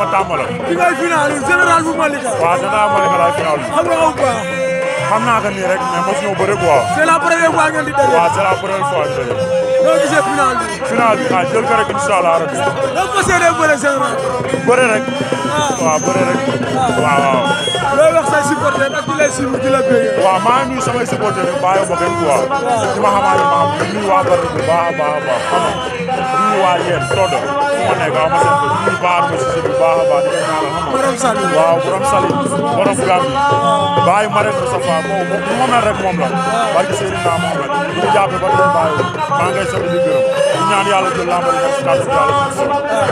ma tàmbala. bi ngay final général bu Malika. waaw général Malika laay final. xam nga ko quoi. xam naa ko nii rek mais mos ñoo bëri quoi. c' est la première fois ngeen di daje. waaw c' est la première fois ngeen di daje. noo gisee final bi. final bi ah jël ko rek incha allah rabi. donc mos a yéene bëre général. bëre rek. Ah. waaw bëre rek. Ah. waaw waaw. looy wax say supporters ak ki lay suivre di la béy. waaw maa ngi nuyu samay supporters yi bàyyi ma benn quoi ci ma xamante nuyu waa Bargny bu baax a baax a baax nuyu waa Yène Todda fu ma nekk ah, ma seen nuyu baax ma si bu baax a baax di nga. borom Sali waaw borom Sali borom Gambie bàyyi ma rek sa fa moom moom mel rek moom la barke Seydina Mohamed bu ñu jàppee ba doon bàyyi maa ngay sant di gërëm di ñaan yàlla jël lambal nekk si kàddu yàlla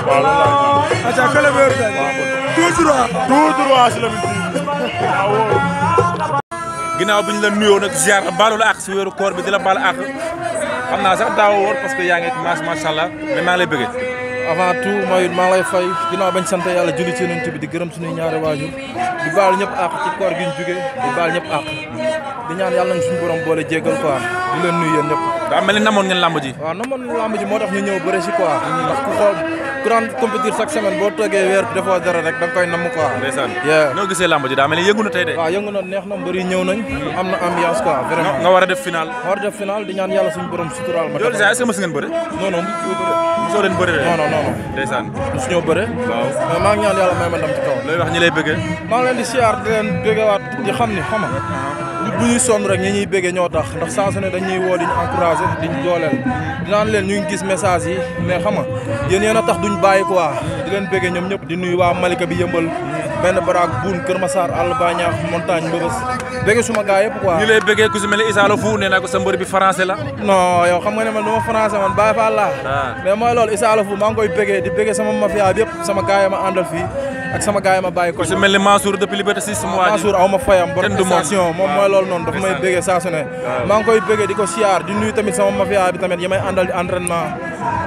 waaw loolu laa ñu naan. acca kële bi yor ginnaaw bi ñu la nuyoo nag ziar baalu la àq si wéeru koor bi di la baal àq xam naa sax daawoo woon parce que yaa ngi maas macha allah mais maa ngi lay bëggee. avant tout mooy maa ngi lay fay ginnaaw bañ sant yàlla julli ci yonent bi di gërëm suñuy ñaari waajur di baal ñëpp àq ci koor gi ñu jugee di baal ñëpp àq di ñaan yàlla nañ suñu borom boole jéggal quoi di leen nuyu yéen ñëpp. daa mel ni namoon ngeen làmb ji. waaw namoon làmb ji moo tax ñu ñëw bëre si quoi. ku daan compétir chaque semaine boo toogee weer bi defoo dara rek da nga koy namm quoi. ndeysaan noo gisee làmb ji daa mel ni tey de. waaw yëngu neex na mbër yi ñëw nañ. am na ambiance quoi vraiment. nga war a def final. nga war a def final di ñaan yàlla suñu borom suturaal ma. est ce que mës maa ngi ñaan yàlla may ma ndam ci kaw. looy wax ñi lay bëggee. maa leen di siyaar di leen bëggewaat di xam ni xam nit bu ñuy sonn rek ñi ñuy béggee ñoo tax ndax saa su ne dañuy woo di ñu encouragé di ñu dooleel dinaan leen ñu gis message yi mais xam nga yéen yéen tax duñ bàyyi quoi di leen béggee ñoom ñëpp di nuyu waa Malika bi yëmbal benn baraag buun Kër Massar àll ba ñaax montagne mbëbës bëggee suma gars yëpp quoi. ñu lay bëggee ku si mel ni Issa Lofou nee naa ko sa mbër bi français la. non yow xam nga ne man du ma français man bàyyi fa laa. Ah. mais mooy loolu Issa Lofou maa koy bëggee di bëggee sama mafia bi sama gars ma àndal fii ak sama gars ma bàyyi ko. si mel ni Mansour depuis Liberté 6 mois. waaw Mansour aw ma fayam. kenn du moom station moom mooy loolu noonu dafa may bëggee saa su ne. koy bëggee di ko siyaar di nuyu tamit sama mafia bi tamit yi àndal di entraînement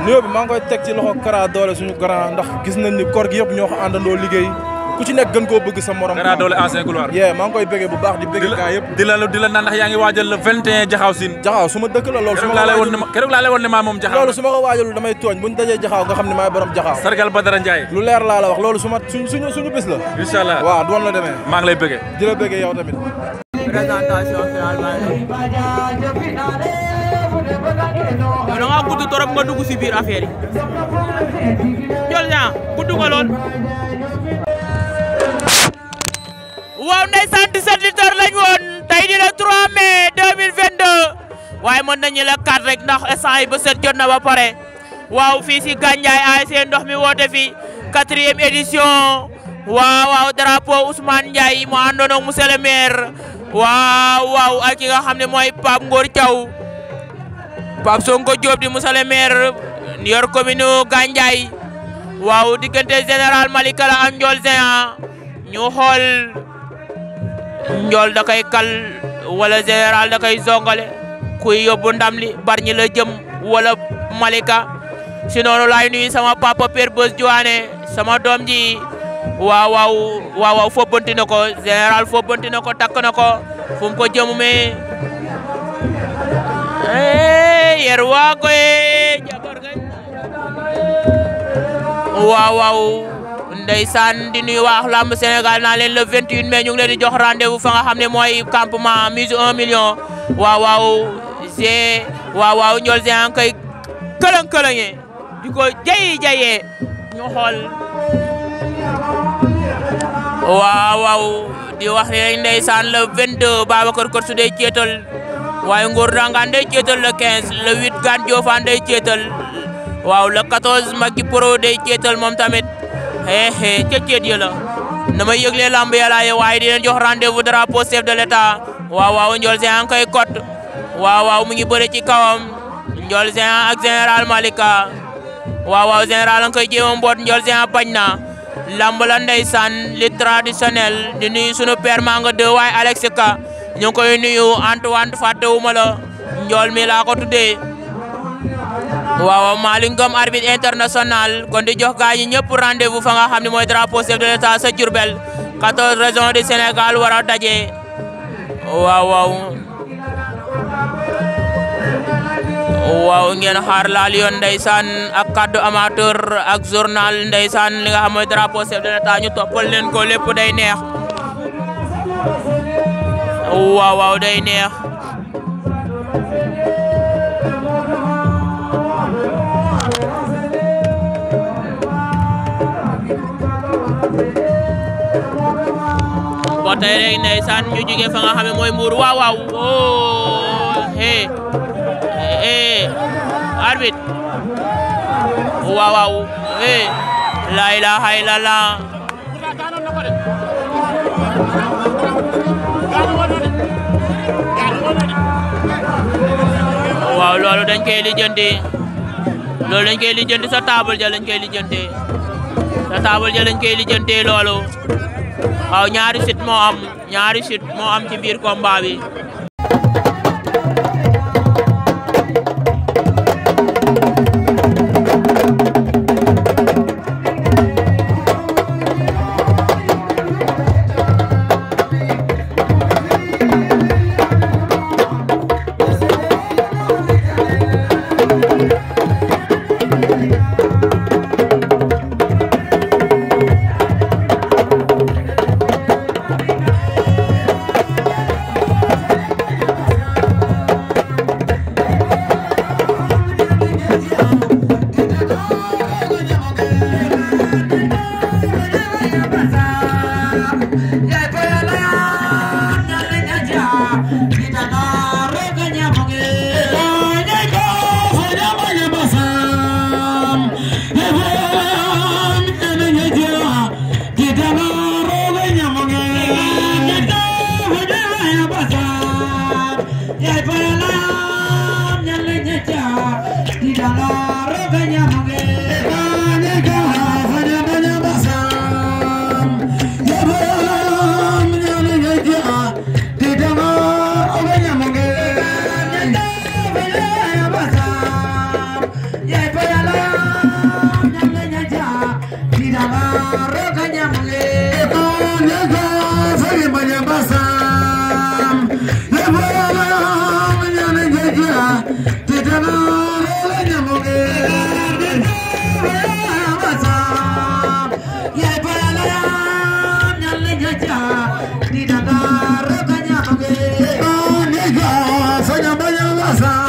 nuyoo bi teg ci loxo Doole suñu ndax gis nañ ni koor yëpp ñoo ko àndandoo liggéey ku ci nek gën ko bëgg sa morom. dara doole ancien couloir yee ma ngi koy bëggee bu baax di bëggé gaa yëpp. di la di la naan ndax yaangi wajjal le 21 jaxaw sin jaxaw suma dëkk la lool suma la lay won woon keroog la lay won ni ma mom jaxaw lool suma ko wajjal lu damay tooñ buñu dajé jaxaw nga xamni ne borom jaxaw sargal Badara ndjay lu leer la la wax lool suma suñu suñu bës la. inshallah wa du won la démé ma ngi lay bëggé di la bëggee yow tamit. présentation finale. da ngaa gudd torop nga dugg ci bir affaire yi. jël naa gudd ko lool waaw ndeysaan 17 litres lañ woon di le 3 mai waaye mën nañu la 4 rek ndax instant yi ba set jot na ba pare waaw fii si Gandiaye ASC ndox mi woote fi quatrième édition waaw waaw drapeau Ousmane Ndiaye mu àndoon ak monsieur waaw waaw ak ki nga xam ne mooy Pape Ngor Thiaw Pape Sonko Diop di monsieur le maire yor commune Gandiaye waaw diggante général Malika la ak Ndiol Géant njool da koy kal wala général da koy zongale kuy yóbbu ndam li barñi la jëm wala malika si noonu laay nuyu sama papa Père Bos Diouane sama doom ji waaw waaw waaw waaw fobbanti ko général fobbanti na ko takk na ko ko jëmu me yer waa koy jabar ndeysaan di nuyu waa lamb Sénégal naa leen le 21 mai ñu ngi di jox rendez-vous fa nga xam ne mooy campement mise 1 waw waaw waaw g waaw waaw ñool géant koy këlëng-këlëngee di ko jayi di wax ne rek ndeysaan le 22 Babacar Kër su dee ceetal waaye Ngor Dangaan day ceetal le 15 le 8 Gane Diofane day ceetal waaw le 14 Maki Pro day ceetal moom tamit eehe ca ceet ya la damay yëgle lamb ya laaye waaye di jox rendez-vous drapeau chef de l'état waaw waaw Ndiol Géant koy kot waaw waaw mu ngi bëre ci kawam Ndiol Géant ak général Malika waaw waaw général nga koy jéema mboot Ndiol Géant bañ na lamb la ndeysaan li traditionnel di nuyu sunu père Manga 2 waaye Alex Ka ñu ngi koy nuyu Antoine fàttewuma la mi laa ko tuddee waaw Malick Ngom arbitre international kon di jox gaañi ñëpp rendez fa nga xam ne mooy drapeau chef de l'État sa Diourbel 14 Sénégal war a daje waaw waaw waaw ngeen xaar laal yoon ndeysaan ak kaddu amateur ak journal ndeysaan li nga xam mooy drapeau chef de ñu toppal leen ko lépp day neex waaw waaw day neex tey rek ndeysaan ñu jóge fa nga xam ne mooy Mbour waaw waaw oh eh eh arbitre waaw waaw eh la ilaha illallah waaw loolu dañ koy lijjanti loolu dañ koy lijjanti sa table ja lañ koy lijjantee sa table ja lañ koy aw ñaari sit mo am ñaari sit mo am ci biir combat bi casa